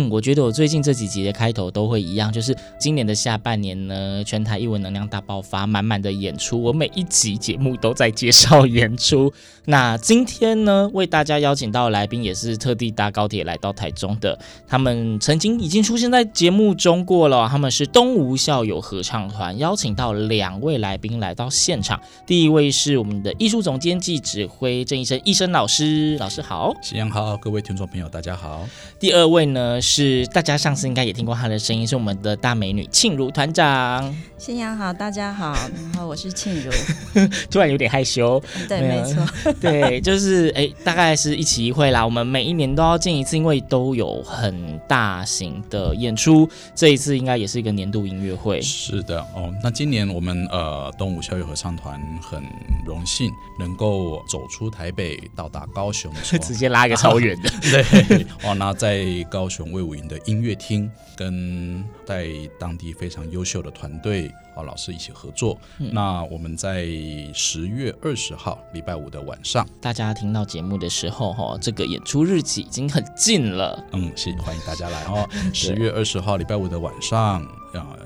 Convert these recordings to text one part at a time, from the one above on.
嗯，我覺得我最近這幾集的開頭都會一樣，就是今年的下半年呢，全台藝文能量大爆發，滿滿的演出。我每一集節目都在介紹演出。那今天呢，為大家邀請到的來賓，也是特地搭高鐵來到台中的。他們曾經已經出現在節目中過了。他們是東吳校友合唱團，邀請到兩位來賓來到現場。第一位是我們的藝術總監暨指揮鄭逸伸。逸伸老師，老師好，夕陽好，各位聽眾朋友大家好。第二位呢是。是大家上次應該也聽過他的聲音，是我們的大美女沁茹團長。新娘好，大家好，然後我是沁茹。 突然有點害羞。對，沒錯。對，就是哎、欸，大概是一期一會啦。我們每一年都要見一次，因為都有很大型的演出。這一次應該也是一個年度音樂會。是的，哦，那今年我們呃東吳校友合唱團很榮幸能夠走出台北，到達高雄，直接拉一個超遠的、啊。對，對 哦，那在高雄。衛武營的音樂廳，跟在當地非常優秀的團隊和老師一起合作。嗯、那我們在十月二十號禮拜五的晚上，大家聽到節目的時候，這個演出日期已經很近了。嗯，是，歡迎大家來哦。十月二十號禮拜五的晚上。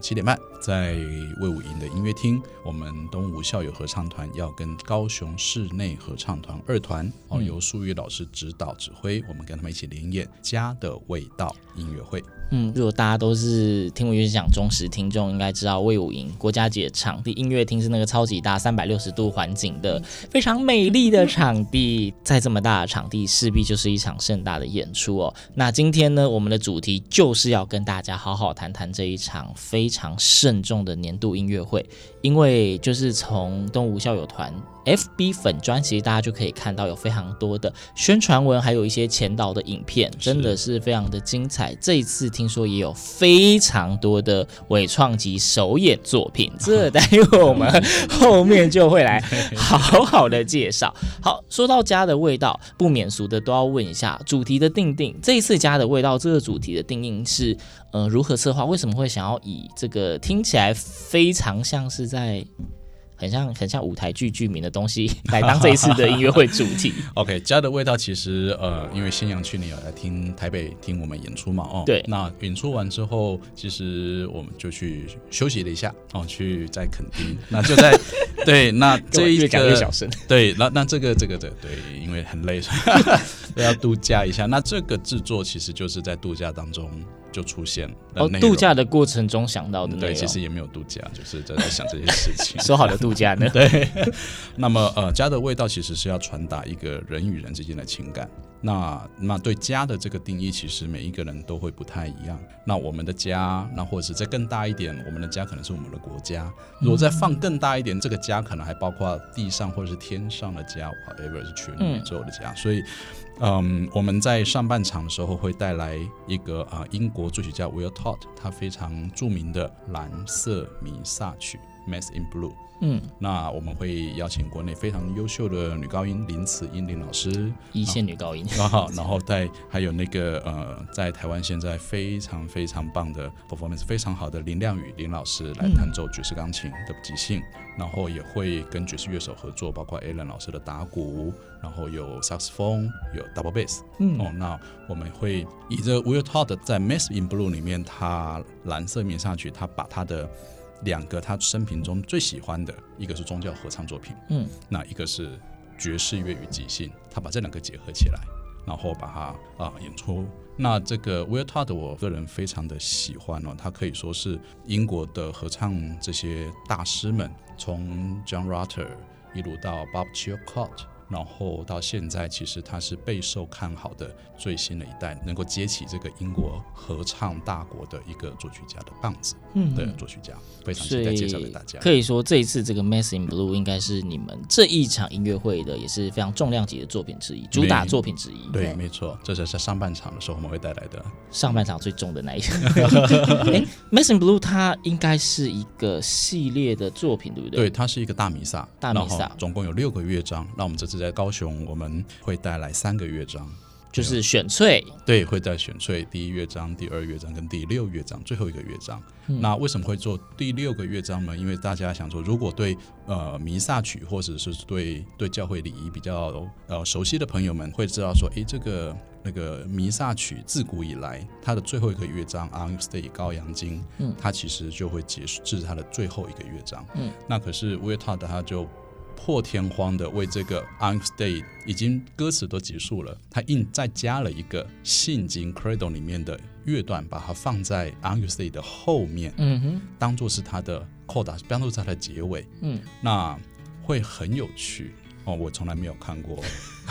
七點半，在衛武營的音樂廳，我們東吳校友合唱團要跟高雄室內合唱團二團，哦、嗯，由蘇屹老師指導指揮，我們跟他們一起聯演《家的味道》音樂會。嗯，如果大家都是聽我一直講忠實聽眾，應該知道衛武營國家級的場地音樂廳是那個超級大、三百六十度環境的非常美麗的場地，在這麼大的場地，勢必就是一場盛大的演出哦。那今天呢，我們的主題就是要跟大家好好談談這一場。非常慎重的年度音樂會，因為就是從東吳校友團 F B 粉專其實大家就可以看到有非常多的宣傳文，還有一些前導的影片。是真的是非常的精彩。這一次聽說也有非常多的委創及首演作品，這待會我們後面就會來好好的介紹。好，說到家的味道，不免俗的都要問一下主題的訂定。這一次家的味道這個主題的訂定是呃如何策劃？為什麼會想要以這個聽起來非常像是在很像很像舞台劇劇名的東西來當這一次的音樂會主題。 OK，家的味道其實呃，因為新陽去年有來聽台北聽我們演出嘛，哦，對，那演出完之後，其實我們就去休息了一下，哦，去再墾丁， 那就在對，那這個小聲，對，那那這個這個的對，因為很累，是吧？要度假一下。 那這個製作其實就是在度假當中。就出現了哦。度假的過程中想到的，嗯，對，其實也沒有度假，就是在，在想這些事情。 說好的度假呢？ 對。那麼，呃，家的味道其實是要傳達一個人與人之間的情感。那那對家的這個定義，其實每一個人都會不太一樣。那我們的家，那或者再更大一點，我們的家可能是我們的國家。嗯、如果再放更大一點，這個家可能還包括地上或者是天上的家，whatever 是全宇宙的家。嗯、所以。嗯，um, 我們在上半場的時候會帶來一個啊、呃，英國作曲家 Will Todd，他非常著名的藍色彌撒曲《Mass in Blue》。嗯，那我們會邀請國內非常優秀的女高音林慈英林老師，一線女高音。然後在、 啊、還有那個呃，在台灣現在非常非常棒的 performance 非常好的林亮宇林老師來彈奏爵士鋼琴的即興，嗯、然後也會跟爵士樂手合作，包括 Alan 老師的打鼓，然後有 saxophone，有 double bass 嗯。嗯哦，那我們會以這 Will Todd 在《Mass in Blue》裡面，他藍色彌撒曲，他把他的。兩個他生平中最喜歡的，一個是宗教合唱作品，嗯，那一個是爵士樂與即興，他把這兩個結合起來，然後把它啊演出。那這個 Will Todd，我個人非常的喜歡哦，他可以說是英國的合唱這些大師們，從 John Rutter 一路到 Bob Chilcott。然後到現在，其實他是備受看好的最新的一代，能夠接起這個英國合唱大國的一個作曲家的棒子，對，作曲家非常期待介紹給大家。嗯、所以，可以說這一次這個 Mass in Blue 應該是你們這一場音樂會的也是非常重量級的作品之一，主打作品之一。對，沒錯，這是在上半場的時候我們會帶來的上半場最重的那一。 欸、Mass in Blue 它應該是一個系列的作品，對不對？對，它是一個大彌撒，大彌撒總共有六個樂章。那我們這次。在高雄，我們會帶來三個樂章，就是選粹。對，會在選粹第一樂章、第二樂章跟第六樂章最後一個樂章。嗯。那為什麼會做第六個樂章呢？因為大家想說，如果對呃彌撒曲或者是對對教會禮儀比較呃熟悉的朋友們，會知道說，哎，這個那個彌撒曲自古以來它的最後一個樂章《Agnus Dei》羔羊經，嗯，它其實就會結束，這是它的最後一個樂章。嗯，那可是維塔的他就。破天荒的為這個《Unsteady》已經歌詞都結束了，他硬再加了一個《信經》Credo 裡面的樂段，把它放在《Unsteady》的後面，嗯哼，當做是它的 Coda，當做它的結尾，嗯，那會很有趣哦，我從來沒有看過，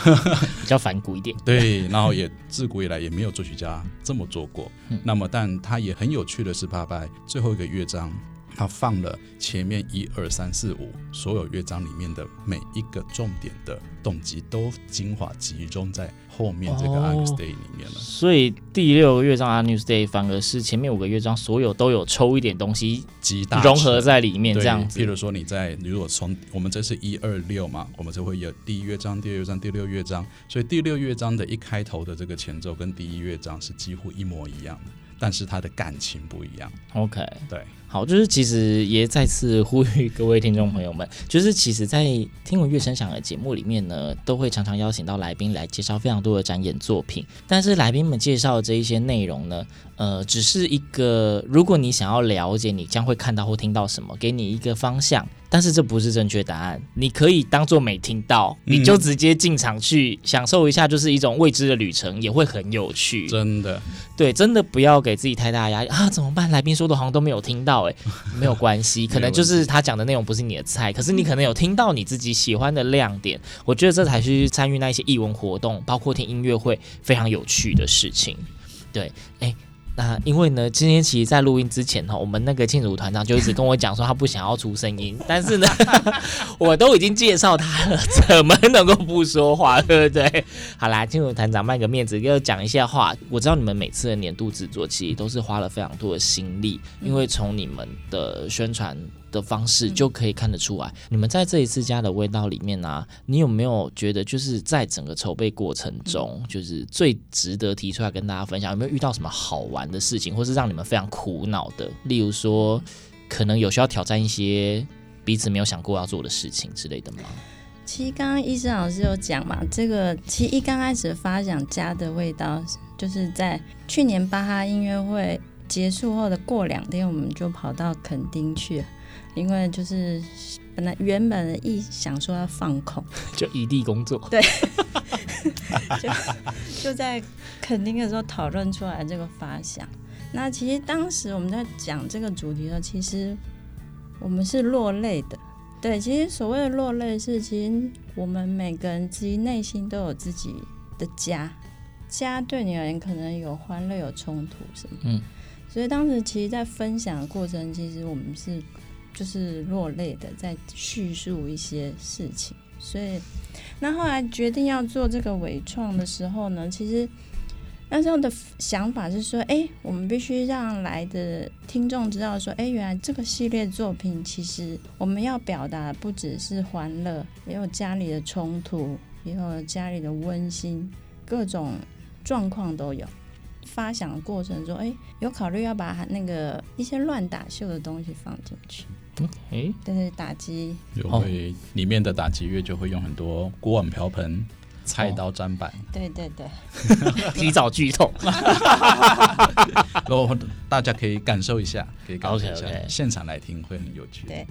比較反骨一點，對，然後也自古以來也沒有作曲家這麼做過，嗯、那麼，但他也很有趣的是拜拜，爸爸最後一個樂章。它放了前面一二三四五所有樂章裡面的每一個重點的動機，都精華集中在後面這個 A New Day 裡面了。哦。所以第六樂章 A New Day 反而是前面五個樂章所有都有抽一點東西集融合在裡面，這樣子。譬如說你在如果從我們這是一二六嘛，我們就會有第一樂章、第二樂章、第二樂章、第六樂章。所以第六樂章的一開頭的這個前奏跟第一樂章是幾乎一模一樣的，但是它的感情不一樣。OK，對。好，就是其實也再次呼籲各位聽眾朋友們，嗯、就是其實，在聽聞樂聲響的節目裡面呢，都會常常邀請到來賓來介紹非常多的展演作品。但是來賓們介紹的這一些內容呢，呃，只是一個如果你想要了解你將會看到或聽到什麼，給你一個方向，但是這不是正確答案。你可以當做沒聽到，嗯、你就直接進場去享受一下，就是一種未知的旅程，也會很有趣。真的，對，真的不要給自己太大壓力啊！怎麼辦？來賓說的，好像都沒有聽到。 沒有關係，可能就是他講的內容不是你的菜，可是你可能有聽到你自己喜歡的亮點，我覺得這才是參與那些藝文活動，包括聽音樂會，非常有趣的事情。對，誒。那因為呢，今天其實在錄音之前哈，我們那個沁茹團長就一直跟我講說他不想要出聲音， 但是呢，我都已經介紹他了，怎麼能夠不說話，對不對？好啦，沁茹團長賣個面子又講一下話。我知道你們每次的年度制作其實都是花了非常多的心力，因為從你們的宣傳。的方式就可以看得出來。嗯、你們在這一次家的味道裡面呢、啊，你有沒有覺得就是在整個籌備過程中，嗯、就是最值得提出來跟大家分享？有沒有遇到什麼好玩的事情，或是讓你們非常苦惱的？例如說，可能有需要挑戰一些彼此沒有想過要做的事情之類的嗎？其實剛剛逸伸老師有講嘛，這個其實一剛開始發想家的味道，就是在去年巴哈音樂會結束後的過兩天，我們就跑到墾丁去。因為就是本來原本一想說要放空，就異地工作，對， 就， 就在墾丁的時候討論出來這個發想。那其實當時我們在講這個主題的時候，其實我們是落淚的。對，其實所謂的落淚是，其實我們每個人自己內心都有自己的家，家對你而言可能有歡樂、有衝突什麼。嗯，所以當時其實，在分享的過程，其實我們是。就是落淚的，在敘述一些事情，所以，那後來決定要做這個委創的時候呢，其實那時候的想法是說，哎，我們必須讓來的聽眾知道，說，哎，原來這個系列作品其實我們要表達的不只是歡樂，也有家裡的衝突，也有家裡的溫馨，各種狀況都有。發想的過程中，哎，有考慮要把那個一些亂打秀的東西放進去。哎，嗯、對對，打擊就會裡面的打擊樂就會用很多鍋碗瓢盆、哦、菜刀砧板，對對對， 提早劇透，然 後 大家可以感受一下，可以感受一下，okay, okay 現場來聽會很有趣。對，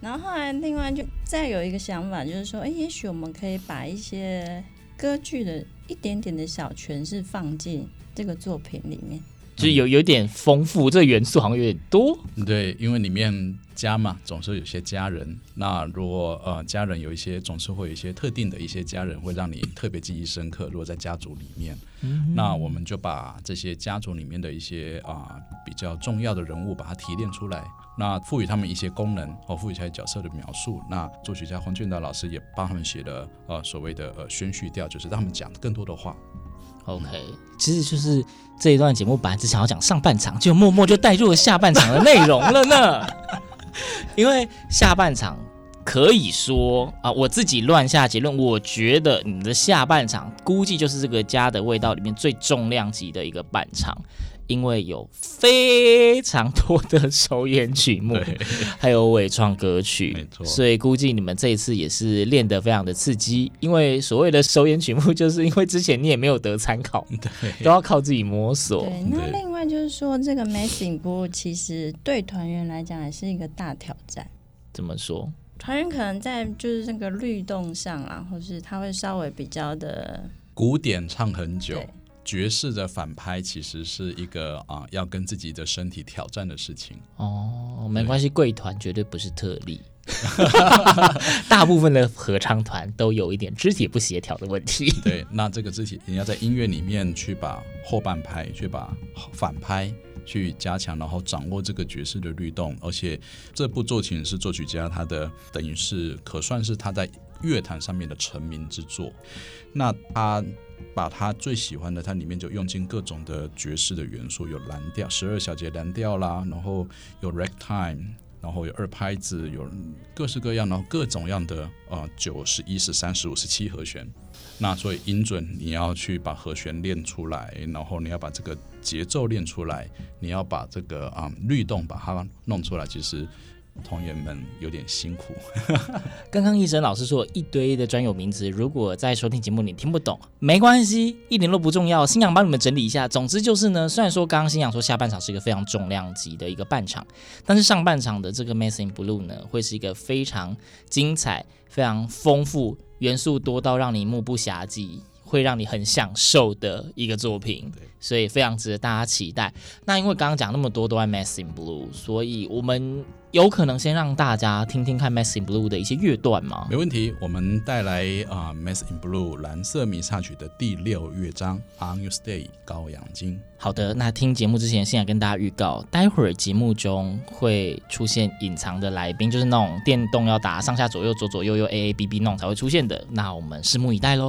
然後後來另外就再有一個想法，就是說，哎，也許我們可以把一些歌劇的一點點的小詮釋放進這個作品裡面。就有有點豐富，這個、元素好像有點多、嗯。對，因為裡面家嘛，總是有些家人。那如果呃家人有一些，總是會有一些特定的一些家人會讓你特別記憶深刻。如果在家族裡面，嗯嗯那我們就把這些家族裡面的一些啊、呃、比較重要的人物把它提煉出來，那賦予他們一些功能，或、哦、賦予一些角色的描述。那作曲家黃俊達老師也幫他們寫了呃所謂的呃宣敘調，就是讓他們講更多的話。OK，其實就是這一段節目本來只想要講上半場，就默默就帶入了下半場的內容了呢。 因為下半場可以說啊，我自己亂下結論，我覺得你的下半場估計就是這個家的味道裡面最重量級的一個半場。因為有非常多的首演曲目，對還有尾創歌曲，沒錯，所以估計你們這一次也是練得非常的刺激。因為所謂的首演曲目，就是因為之前你也沒有得參考，對，都要靠自己摸索。對，那另外就是說，對這個《Messing 不過其實對團員來講也是一個大挑戰。怎麼說？團員可能在就是那個律動上啊，或是他會稍微比較的古典，唱很久。爵士的反拍其實是一個啊，要跟自己的身體挑戰的事情。哦，沒關係，對貴團絕對不是特例， 大部分的合唱團都有一點肢體不協調的問題。對，那這個肢體，你要在音樂裡面去把後半拍，去把反拍去加強，然後掌握這個爵士的律動，而且這部作品是作曲家他的，等於是可算是他在樂壇上面的成名之作。那他。把他最喜歡的，它裡面就用盡各種的爵士的元素，有藍調、十二小節藍調啦，然後有 ragtime，然後有二拍子，有各式各樣，然後各種樣的呃九、十一、十三、十五、十七和弦。那所以音準，你要去把和弦練出來，然後你要把這個節奏練出來，你要把這個啊、嗯、律動把它弄出來，其實。同學們有點辛苦。剛剛逸伸老師說一堆的專有名詞，如果在收聽節目你聽不懂，沒關係，一點都不重要。新陽幫你們整理一下。總之就是呢，雖然說剛剛新陽說下半場是一個非常重量級的一個半場，但是上半場的這個 Mass in Blue 呢，會是一個非常精彩、非常豐富，元素多到讓你目不暇接。會讓你很享受的一個作品，對所以非常值得大家期待。那因為剛剛講那麼多都是《Mass in Blue》，所以我們有可能先讓大家聽聽看《Mass in Blue》的一些樂段嗎？沒問題，我們帶來啊，uh，《Mass in Blue》藍色彌撒曲的第六樂章《On Your Stay》高陽金。好的，那聽節目之前，現在跟大家預告，待會兒節目中會出現隱藏的來賓，就是那種電動要打上下左右左左右右 A A B B 弄才會出現的，那我們拭目以待嘍。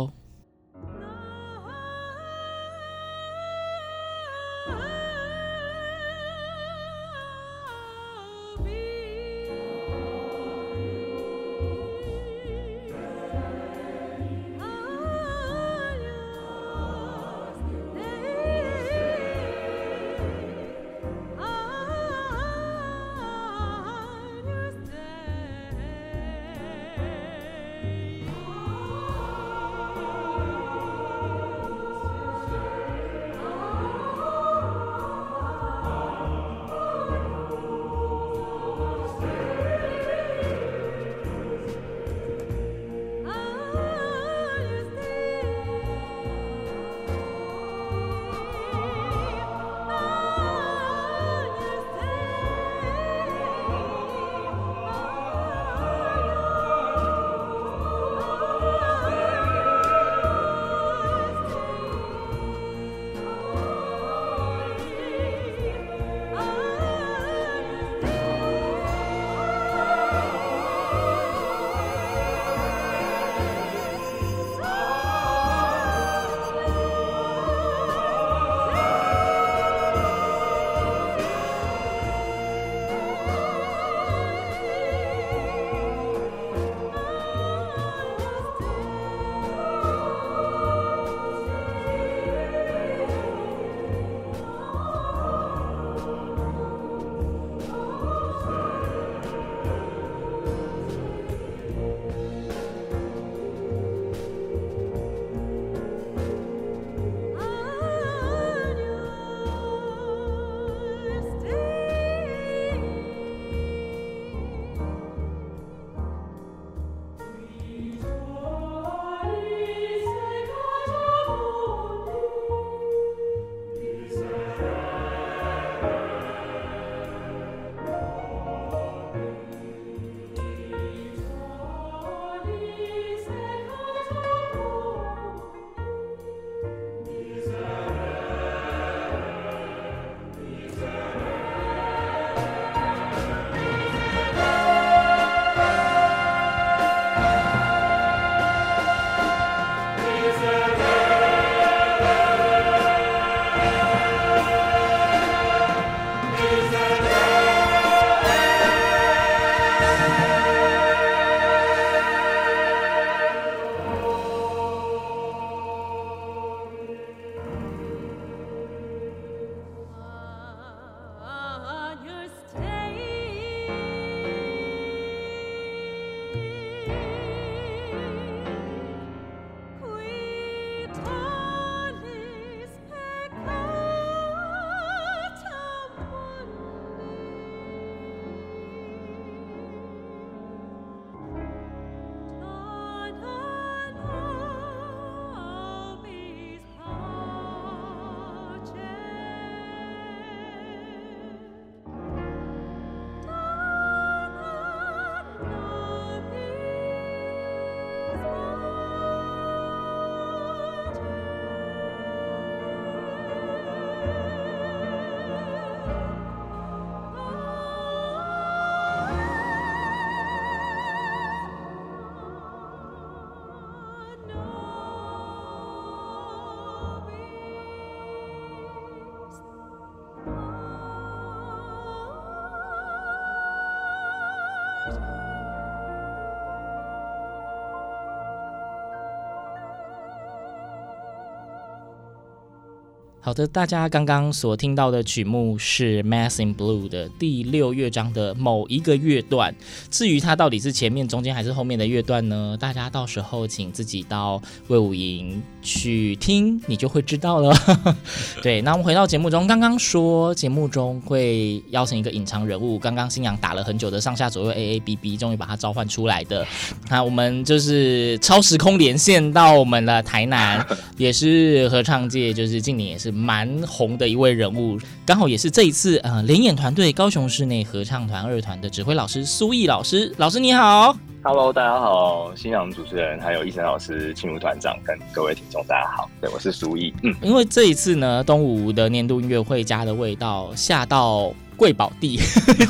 好的，大家剛剛所聽到的曲目是《Mass in Blue》的第六樂章的某一個樂段。至於它到底是前面、中間還是後面的樂段呢？大家到時候請自己到衛武營去聽，你就會知道了。 對，那我們回到節目中，剛剛說節目中會邀請一個隱藏人物，剛剛新娘打了很久的上下左右 A A B B，終於把他召喚出來的。那我們就是超時空連線到我們的台南， 也是合唱界，就是近年也是。蠻紅的一位人物，剛好也是這一次呃聯演團隊高雄室內合唱團二團的指揮老師蘇屹老師。老師你好，Hello，大家好，欣賞主持人還有逸伸老師、沁茹團長跟各位聽眾大家好。對，我是蘇屹。嗯，因為這一次呢，東吳的年度音樂會家的味道下到貴寶地，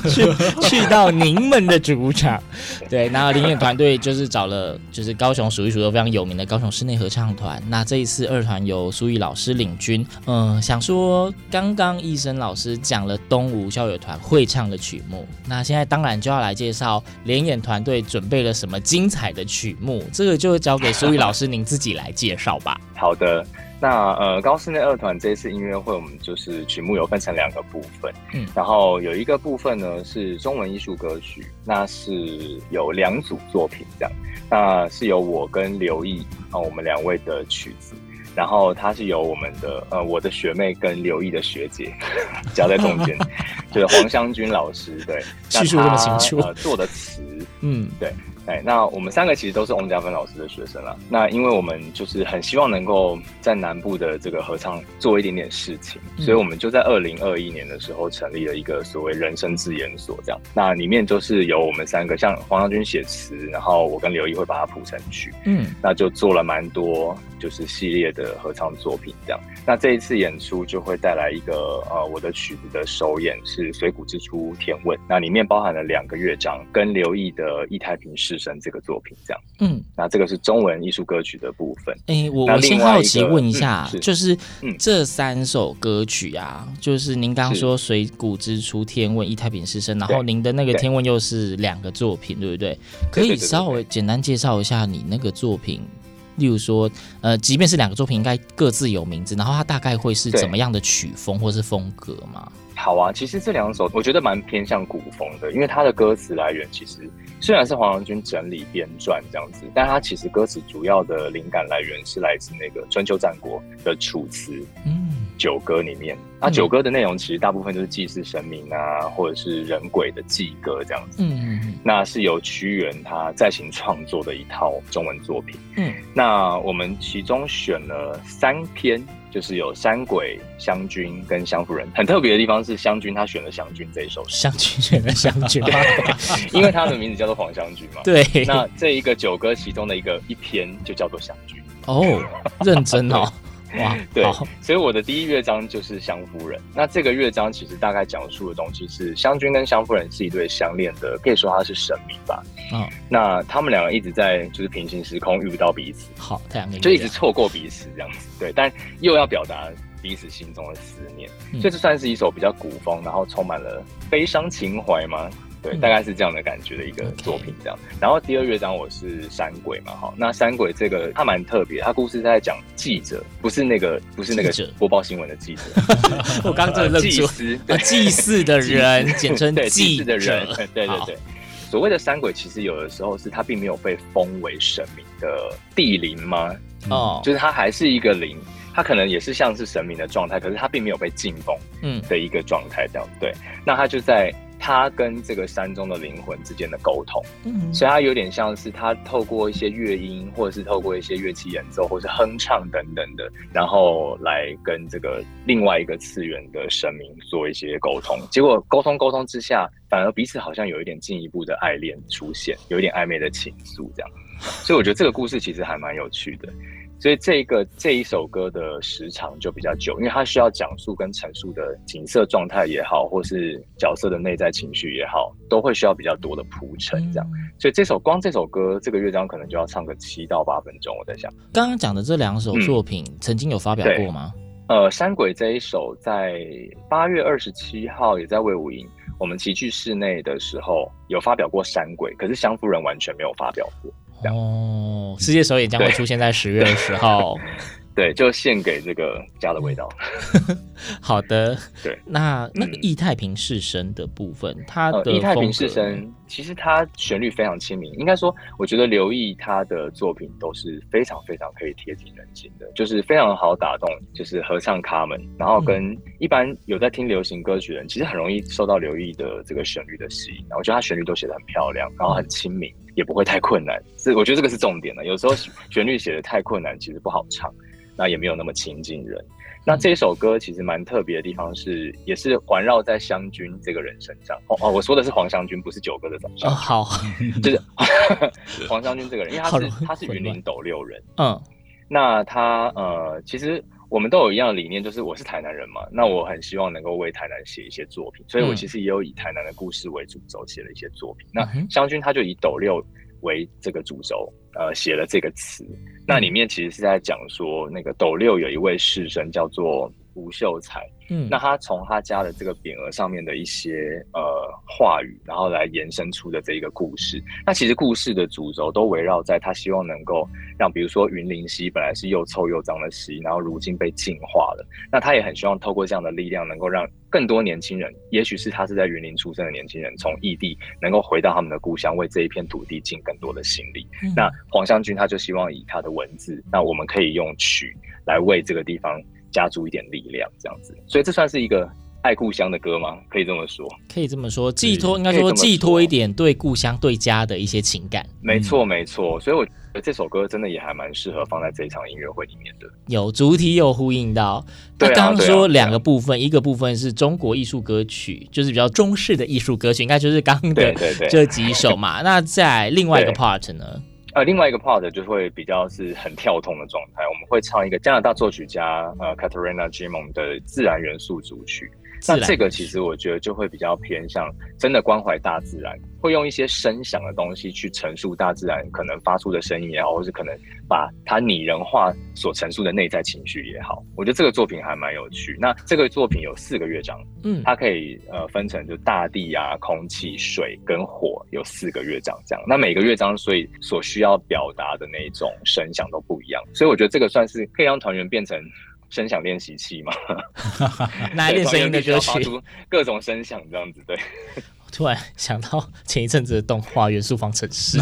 去去到您們的主場， 對。然後聯演團隊就是找了，就是高雄數一數二非常有名的高雄室內合唱團。那這一次二團由蘇屹老師領軍，嗯，想說剛剛逸伸老師講了東吳校友團會唱的曲目，那現在當然就要來介紹聯演團隊準備了什麼精彩的曲目，這個就交給蘇屹老師您自己來介紹吧。好的。那呃，高室內二團這一次音樂會，我們就是曲目有分成兩個部分，嗯，然後有一個部分呢是中文藝術歌曲，那是有兩組作品這樣，那是由我跟劉毅啊、哦，我們兩位的曲子，然後它是由我們的呃我的學妹跟劉毅的學姐夾在中間， 就是黃湘君老師 對，敘述這麼清楚，呃、做的詞嗯對。哎，那我們三個其實都是翁家芬老師的學生了。那因為我們就是很希望能夠在南部的這個合唱做一點點事情，所以我們就在二零二一年的時候成立了一個所謂人生自演所，這樣。那裡面就是由我們三個，像黃昭君寫詞，然後我跟劉毅會把它譜成曲，嗯，那就做了蠻多就是系列的合唱作品這樣。那這一次演出就會帶來一個呃我的曲子的首演是《水谷之初天問》，那裡面包含了兩個樂章，跟劉毅的《一台平視》。生這個作品這樣，嗯，那這個是中文藝術歌曲的部分。哎、欸，我我先好奇問一下，嗯、是就是、嗯、這三首歌曲啊，就是您剛剛說《水谷是之初天問》《一太平師生》對，然後您的那個《天問》又是兩個作品，對，對不對？可以稍微簡單介紹一下你那個作品，例如說，呃，即便是兩個作品，應該各自有名字，然後它大概會是怎麼樣的曲風對或是風格嗎？好啊，其實這兩首我覺得蠻偏向古風的，因為它的歌詞來源其實雖然是黃仁君整理編撰這樣子，但他其實歌詞主要的靈感來源是來自那個春秋戰國的楚辭，嗯，九歌裡面。那、啊嗯、九歌的內容其實大部分都是祭祀神明啊，或者是人鬼的祭歌這樣子，嗯，那是由屈原他在行創作的一套中文作品，嗯，那我們其中選了三篇。就是有山鬼、湘君跟湘夫人，很特別的地方是湘君，他選了湘君這一首湘君，選了湘君 ，因為他的名字叫做黃湘君嘛。對，那這一個九歌其中的一個一篇就叫做湘君。哦，oh, 認真哦。 哇，對，好，所以我的第一樂章就是《湘夫人》。那這個樂章其實大概講述的東西是，湘君跟湘夫人是一對相戀的，可以說他是神明吧。嗯、哦，那他們兩個一直在就是平行時空遇不到彼此，好，太就一直錯過彼此這樣子。對，但又要表達彼此心中的思念，嗯、所以這算是一首比較古風，然後充滿了悲傷情懷嗎？對，大概是這樣的感覺的一個作品這樣。嗯 okay、然後第二樂章我是山鬼嘛，哈，那山鬼這個他蠻特別的，他故事在講記者，不是那個不是那個播報新聞的記者，我剛真的愣住了，祭司祭司的人，簡稱祭司的人，對對對。所謂的山鬼，其實有的時候是他並沒有被封為神明的地靈嗎？哦、嗯，就是他還是一個靈，他可能也是像是神明的狀態，可是他並沒有被進封，嗯的一個狀態這樣。嗯、對，那他就在。他跟這個山中的靈魂之間的溝通，嗯。所以他有點像是他透過一些樂音，或者是透過一些樂器演奏，或是哼唱等等的，然後來跟這個另外一個次元的神明做一些溝通。結果溝通溝通之下，反而彼此好像有一點進一步的愛戀出現，有一點曖昧的情愫這樣。所以我覺得這個故事其實還蠻有趣的。所以這一個這一首歌的時長就比較久，因為它需要講述跟陳述的景色狀態也好，或是角色的內在情緒也好，都會需要比較多的鋪陳，這樣。嗯、所以這首光這首歌這個樂章可能就要唱個七到八分鐘。我在想，剛剛講的這兩首作品、嗯、曾經有發表過嗎？呃，《山鬼》這一首在八月二十七號也在衛武營，我們齊聚室內的時候有發表過《山鬼》，可是《湘夫人》完全沒有發表過。哦，世界首演將會出現在十月二十號。對，就獻給這個家的味道。 好的， 對，那那易、個、太平世生的部分，他的易、嗯、太平世生其實他旋律非常親民。應該說，我覺得劉毅他的作品都是非常非常可以貼近人心的，就是非常好打動，就是合唱咖們，然後跟一般有在聽流行歌曲的人，嗯、其實很容易受到劉毅的這個旋律的吸引。然後我覺得他旋律都寫的很漂亮，然後很親民，嗯、也不會太困難。是，我覺得這個是重點的。有時候旋律寫的太困難，其實不好唱。那也沒有那麼親近人。那這一首歌其實蠻特別的地方是，也是環繞在湘君這個人身上。哦哦，我說的是黃湘君，不是九歌的長相，哦。好，就、嗯、是 黃湘君這個人，因為他是了他是雲林斗六人。嗯，那他呃，其實我們都有一樣的理念，就是我是台南人嘛，那我很希望能夠為台南寫一些作品。所以我其實也有以台南的故事為主軸寫了一些作品。那湘君他就以斗六，為這個主軸，呃，寫了這個詞，那裡面其實是在講說，那個斗六有一位士紳叫做。吳秀才，嗯，那他從他家的這個匾額上面的一些呃話語，然後來延伸出的這一個故事，那其實故事的主軸都圍繞在他希望能夠讓，比如說雲林溪本來是又臭又髒的溪，然後如今被淨化了，那他也很希望透過這樣的力量，能夠讓更多年輕人，也許是他是在雲林出生的年輕人，從異地能夠回到他們的故鄉，為這一片土地盡更多的心力。嗯，那黃湘軍他就希望以他的文字，那我們可以用曲來為這個地方。加足一點力量，這樣子，所以這算是一個愛故鄉的歌嗎？可以這麼說，可以這麼說，寄託是應該說寄託一點對故鄉、對家的一些情感。沒錯，沒錯。所以我覺得這首歌真的也還蠻適合放在這一場音樂會裡面的。有主題，有呼應到。嗯、那剛剛說兩個部分，對啊、對啊、對啊、一個部分是中國藝術歌曲，就是比較中式的藝術歌曲，應該就是剛剛的這幾首嘛。對對對 那在另外一個 part 呢？呃，另外一個 part 就會比較是很跳動的狀態，我們會唱一個加拿大作曲家、嗯、呃，Katerina Gimon 的自然元素組曲。那這個其實我覺得就會比較偏向真的關懷大自然，會用一些聲響的東西去陳述大自然可能發出的聲音也好，或是可能把它擬人化所陳述的內在情緒也好，我覺得這個作品還蠻有趣。那這個作品有四個樂章，嗯，它可以呃分成就大地啊、空氣、水跟火有四個樂章這樣。那每個樂章所以所需要表達的那種聲響都不一樣，所以我覺得這個算是可以讓團員變成。聲響練習器嘛， 那還練聲音的就是 發出各種聲響這樣子，對。 我突然想到前一陣子的動畫《元素方程式》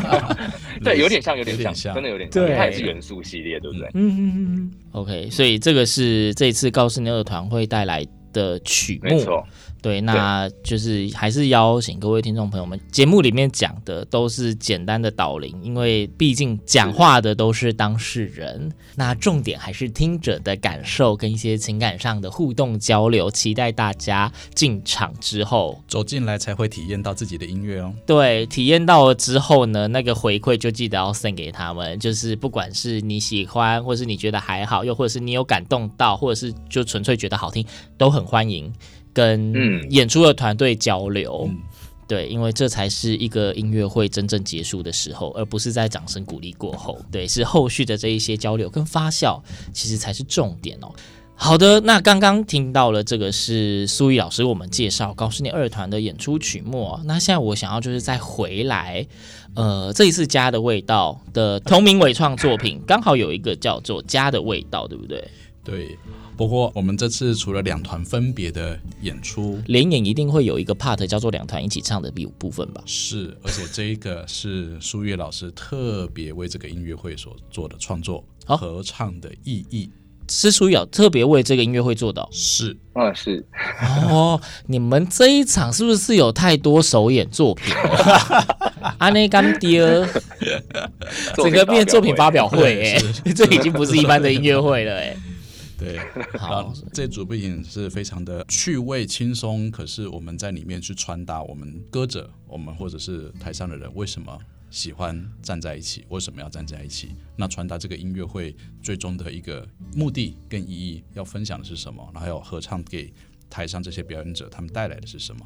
對，有點像，有點像，有點像真的有點像。它對也是元素系列，對不對？嗯嗯嗯。OK，所以這個是這一次高室內的團會帶來的曲目。沒錯。對，那就是還是邀請各位聽眾朋友們，節目裡面講的都是簡單的導聆，因為畢竟講話的都是當事人，對那重點還是聽者的感受跟一些情感上的互動交流。期待大家進場之後走進來才會體驗到自己的音樂哦。對，體驗到了之後呢，那個回饋就記得要送給他們，就是不管是你喜歡，或者是你覺得還好，又或者是你有感動到，或者是就純粹覺得好聽，都很歡迎，跟演出的團隊交流，嗯、對，因為這才是一個音樂會真正結束的時候，而不是在掌聲鼓勵過後。對，是後續的這一些交流跟發酵，其實才是重點哦、喔。好的，那剛剛聽到了這個是蘇屹老師為我們介紹高室內二團的演出曲目啊。那現在我想要就是再回來，呃，這一次《家的味道》的同名原創作品，剛 Okay. 好有一個叫做《家的味道》，對不對？對。包括我們這次除了兩團分別的演出聯演，一定會有一個 part 叫做兩團一起唱的比武部分吧？是，而且這一個是蘇屹老師特別為這個音樂會所做的創作。好、哦，合唱的意義是蘇屹特別為這個音樂會做的、哦是哦。是，是。哦，你們這一場是不是有太多首演作品？安內甘迪爾，整個變作品發表會、欸，哎， 這已經不是一般的音樂會了、欸，哎。對， 好，這組背景是非常的趣味輕鬆，可是我們在裡面去傳達我們歌者，我們或者是台上的人為什麼喜歡站在一起，為什麼要站在一起？那傳達這個音樂會最終的一個目的跟意義，要分享的是什麼？然後還有合唱給台上這些表演者他們帶來的是什麼？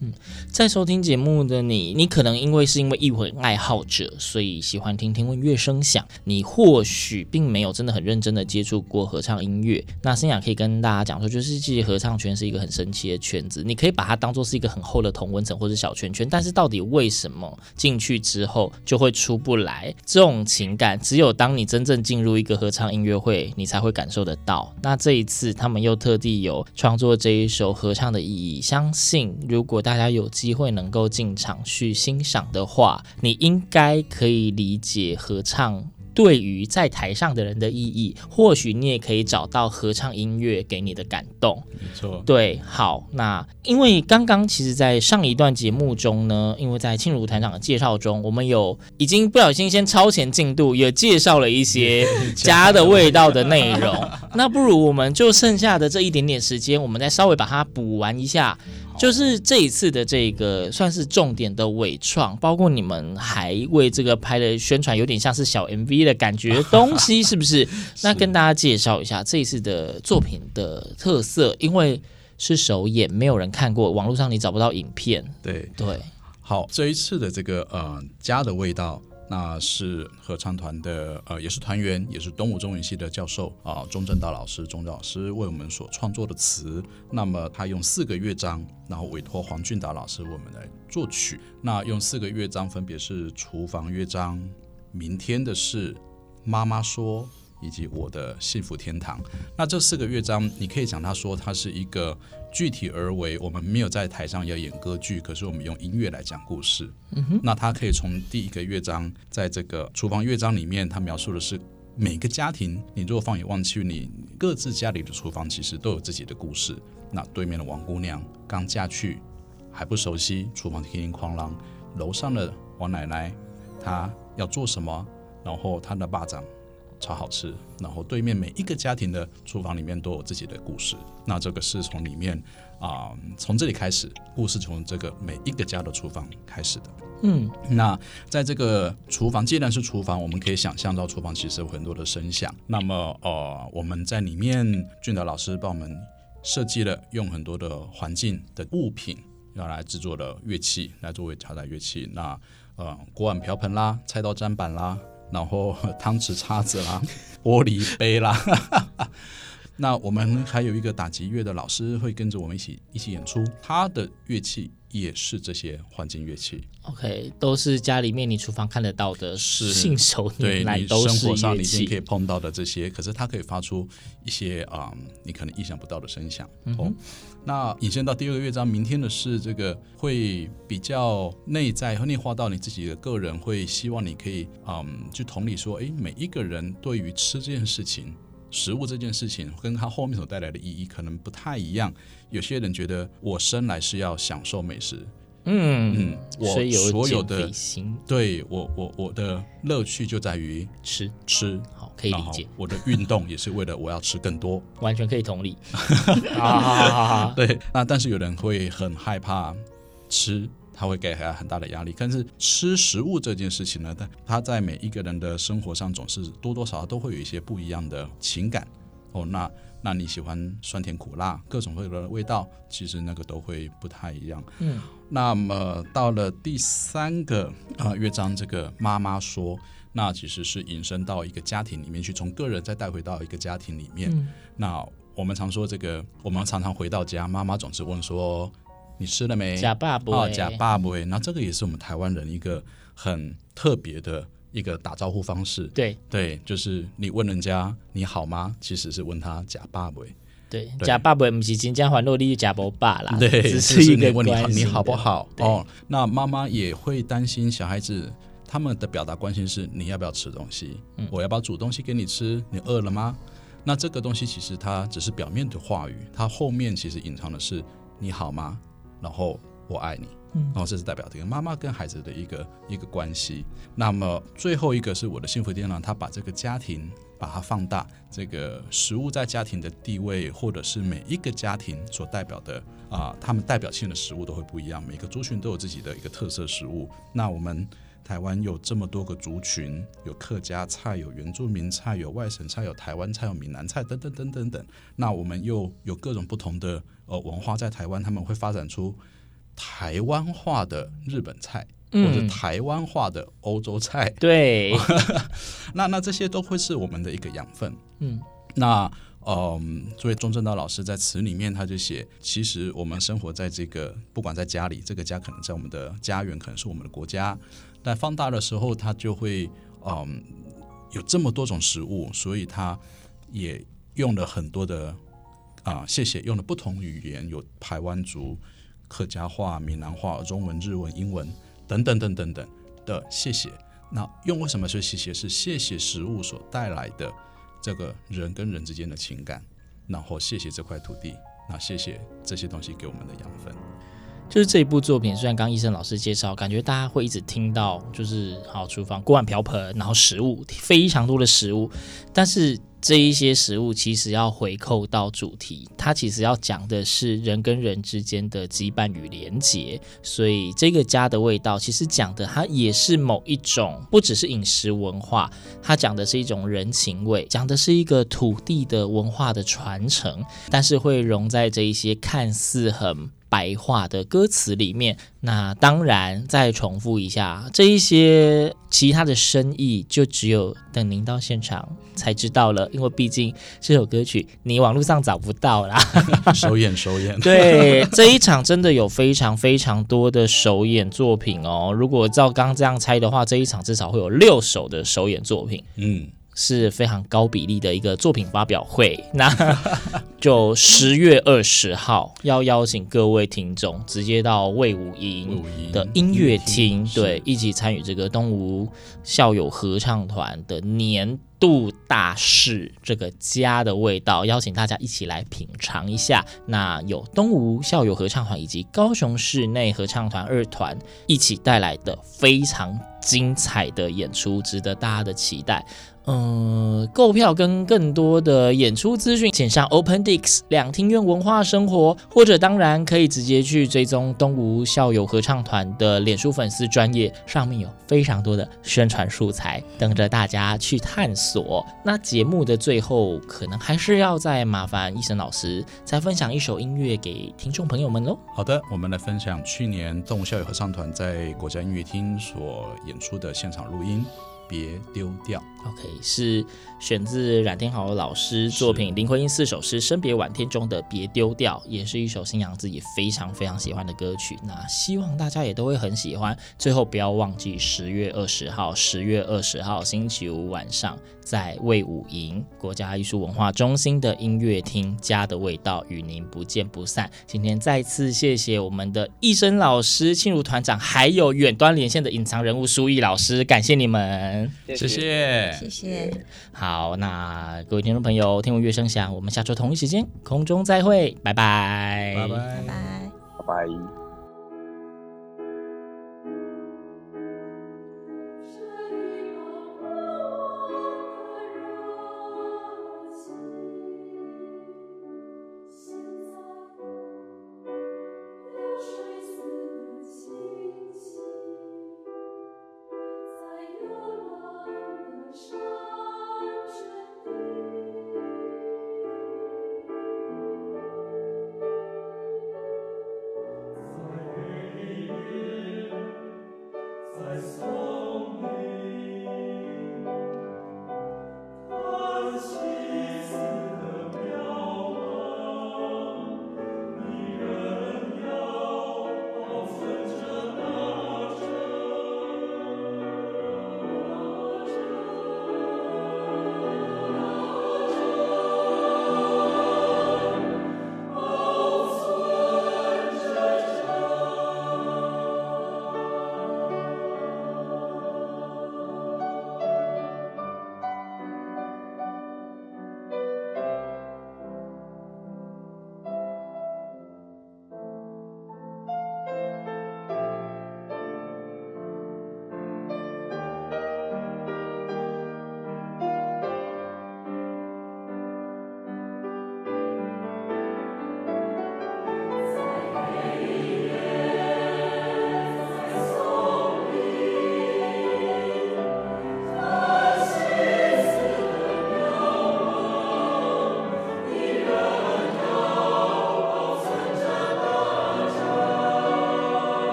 嗯，在收聽節目的你，你可能因為是因為樂會愛好者，所以喜歡聽聽音樂聲響。你或許並沒有真的很認真的接觸過合唱音樂。那森雅可以跟大家講說，就是這些合唱圈是一個很神奇的圈子，你可以把它當做是一個很厚的同溫層或者小圈圈。但是到底為什麼進去之後就會出不來？這種情感，只有當你真正進入一個合唱音樂會，你才會感受得到。那這一次他們又特地有創作這一首合唱的意義，相信如果。大家有機會能夠進場去欣賞的話，你應該可以理解合唱對於在台上的人的意義。或許你也可以找到合唱音樂給你的感動。沒錯錯。對，好，那因為剛剛其實，在上一段節目中呢，因為在沁茹團長的介紹中，我們有已經不小心先超前進度，也介紹了一些家的味道的內容。 那不如我們就剩下的這一點點時間，我們再稍微把它補完一下。就是這一次的這個算是重點的委創，包括你們還為這個拍的宣傳有點像是小 MV 的感覺東西，是不是？ 是，那跟大家介紹一下這一次的作品的特色，因為是首演，沒有人看過，網絡上你找不到影片。對對，對好，這一次的這個呃，家的味道。那是合唱團的，呃，也是團員，也是東吳中文系的教授啊，鍾正道老師，鍾老師為我們所創作的詞。那麼他用四個樂章，然後委託黃俊達老師為我們來作曲。那用四個樂章，分別是廚房樂章、明天的事、媽媽說以及我的幸福天堂。那這四個樂章，你可以講，他說他是一個。具體而為，我們沒有在台上要演歌劇，可是我們用音樂來講故事。嗯哼，那他可以從第一個樂章，在這個廚房樂章裡面，他描述的是每個家庭。你若放眼望去，你各自家裡的廚房其實都有自己的故事。那對面的王姑娘剛嫁去，還不熟悉廚房，天天哐啷，樓上的王奶奶，她要做什麼？然後她的巴掌。超好吃，然後對面每一個家庭的廚房裡面都有自己的故事，那這個是從裡面啊、呃，從這裡開始，故事從這個每一個家的廚房開始的，嗯，那在這個廚房，既然是廚房，我們可以想象到廚房其實有很多的聲響，那麼呃，我們在裡面，俊達老師幫我們設計了用很多的環境的物品要來製作的樂器，來作為家的樂器，那呃，鍋碗瓢盆啦，菜刀砧板啦。然後湯匙、叉子啦，玻璃杯啦。哈哈哈。那我們還有一個打擊樂的老師會跟着我們一起一起演出，他的樂器也是這些環境樂器。OK，都是家裡面你廚房看得到的，是，信手拈來都是樂器。對，你生活上你可以碰到的這些，嗯、可是它可以發出一些啊、嗯，你可能意想不到的聲響。哦、oh, 嗯哼，那引申到第二個樂章，明天的是這個會比較內在和內化到你自己的個人，會希望你可以嗯，就同理說，誒，每一個人對於吃這件事情。食物這件事情，跟它後面所帶來的意義可能不太一樣。有些人覺得，我生來是要享受美食。嗯嗯，嗯，所我所有的對我我我的樂趣就在於吃吃，好，可以理解。我的運動也是為了我要吃更多，完全可以同理。對，那但是有人會很害怕吃。他會給很大很大的壓力，但是吃食物這件事情呢，他他在每一個人的生活上總是多多少少都會有一些不一樣的情感哦。那那你喜歡酸甜苦辣各種各樣的味道，其實那個都會不太一樣。嗯，那麼到了第三個啊、呃、樂章，這個媽媽說，那其實是引申到一個家庭裡面去，從個人再帶回到一個家庭裡面。嗯，那我們常說這個，我們常常回到家，媽媽總是問說。你吃了沒？假爸不會，假爸不會。那、嗯、這個也是我們台灣人一個很特別的一個打招呼方式。對，對，就是你問人家你好嗎，其實是問他假爸不會。對，假爸不會，不是金家環路，落地假伯爸對，只是一個是你問你好不好？對哦，那媽媽也會擔心小孩子，他們的表達關心是你要不要吃東西？嗯、我要不要煮東西給你吃？你餓了嗎？嗯、那這個東西其實它只是表面的話語，它後面其實隱藏的是你好嗎？然後我愛你，嗯、然後這是代表這個媽媽跟孩子的一個一個關係。那麼最後一個是我的幸福殿堂，他把這個家庭把它放大，這個食物在家庭的地位，或者是每一個家庭所代表的啊，呃、他們代表性的食物都會不一樣，每一個族群都有自己的一個特色食物。那我們。台灣有這麼多個族群，有客家菜，有原住民菜，有外省菜，有台灣菜，有閩南菜，等，等等等等等。那我們又有各種不同的呃文化在台灣，他們會發展出台灣化的日本菜，或者台灣化的歐洲菜。嗯、 對， 那那這些都會是我們的一個養分。嗯，那嗯、呃，所以鍾正道老師在詞裡面他就寫，其實我們生活在這個，不管在家裡，這個家可能在我們的家園，可能是我們的國家。在放大的時候，它就會嗯、呃，有這麼多種食物，所以它也用了很多的啊、呃，謝謝，用了不同語言，有台灣族、客家話、閩南話、中文、日文、英文等等等等等的謝謝。那用為什麼是謝謝？是謝謝食物所帶來的這個人跟人之間的情感，然後謝謝這塊土地，那謝謝這些東西給我們的養分。就是這一部作品，雖然剛逸伸老師介紹，感覺大家會一直聽到，就是好廚房、鍋碗瓢盆，然後食物非常多的食物，但是這一些食物其實要回扣到主題，它其實要講的是人跟人之間的羈絆與連結。所以這個家的味道，其實講的它也是某一種，不只是飲食文化，它講的是一種人情味，講的是一個土地的文化的傳承，但是會融在這一些看似很。白話的歌詞裡面，那當然再重複一下這一些其他的生意，就只有等您到現場才知道了。因為畢竟這首歌曲你網絡上找不到啦。首 演，演，首演。對，這一場真的有非常非常多的首演作品哦。如果照剛這樣猜的話，這一場至少會有六首的首演作品。嗯。是非常高比例的一個作品發表會，那就十月二十號要邀請各位聽眾直接到衛武營的音樂廳，樂廳對，是一起參與這個東吳校友合唱團的年度大事——這個家的味道，邀請大家一起來品嘗一下。那有東吳校友合唱團以及高雄室內合唱團二團一起帶來的非常精彩的演出，值得大家的期待。嗯，購票跟更多的演出資訊，請上 Opentix 兩廳院文化生活，或者當然可以直接去追蹤東吳校友合唱團的臉書粉絲專頁，上面有非常多的宣傳素材，等着大家去探索。那節目的最後，可能還是要再麻煩逸伸老師再分享一首音樂給聽眾朋友們咯。好的，我們來分享去年東吳校友合唱團在國家音樂廳所演出的現場錄音。別丟掉。OK，是。選自冉天豪的老師作品《是林徽因四首詩·生別晚天中》的“別丟掉”，也是一首新賞自己非常非常喜歡的歌曲。那希望大家也都會很喜歡。最後，不要忘記十月二十號，十月二十號星期五晚上，在衛武營國家藝術文化中心的音樂廳，《家的味道》與您不見不散。今天再次謝謝我們的逸伸老師、沁茹團長，還有遠端連線的隱藏人物蘇屹老師，感謝你們。謝謝，謝謝。好。好，那各位聽眾朋友，聽我樂聲響，我們下周同一時間空中再會，拜拜，拜拜 bye，拜拜 bye，拜拜。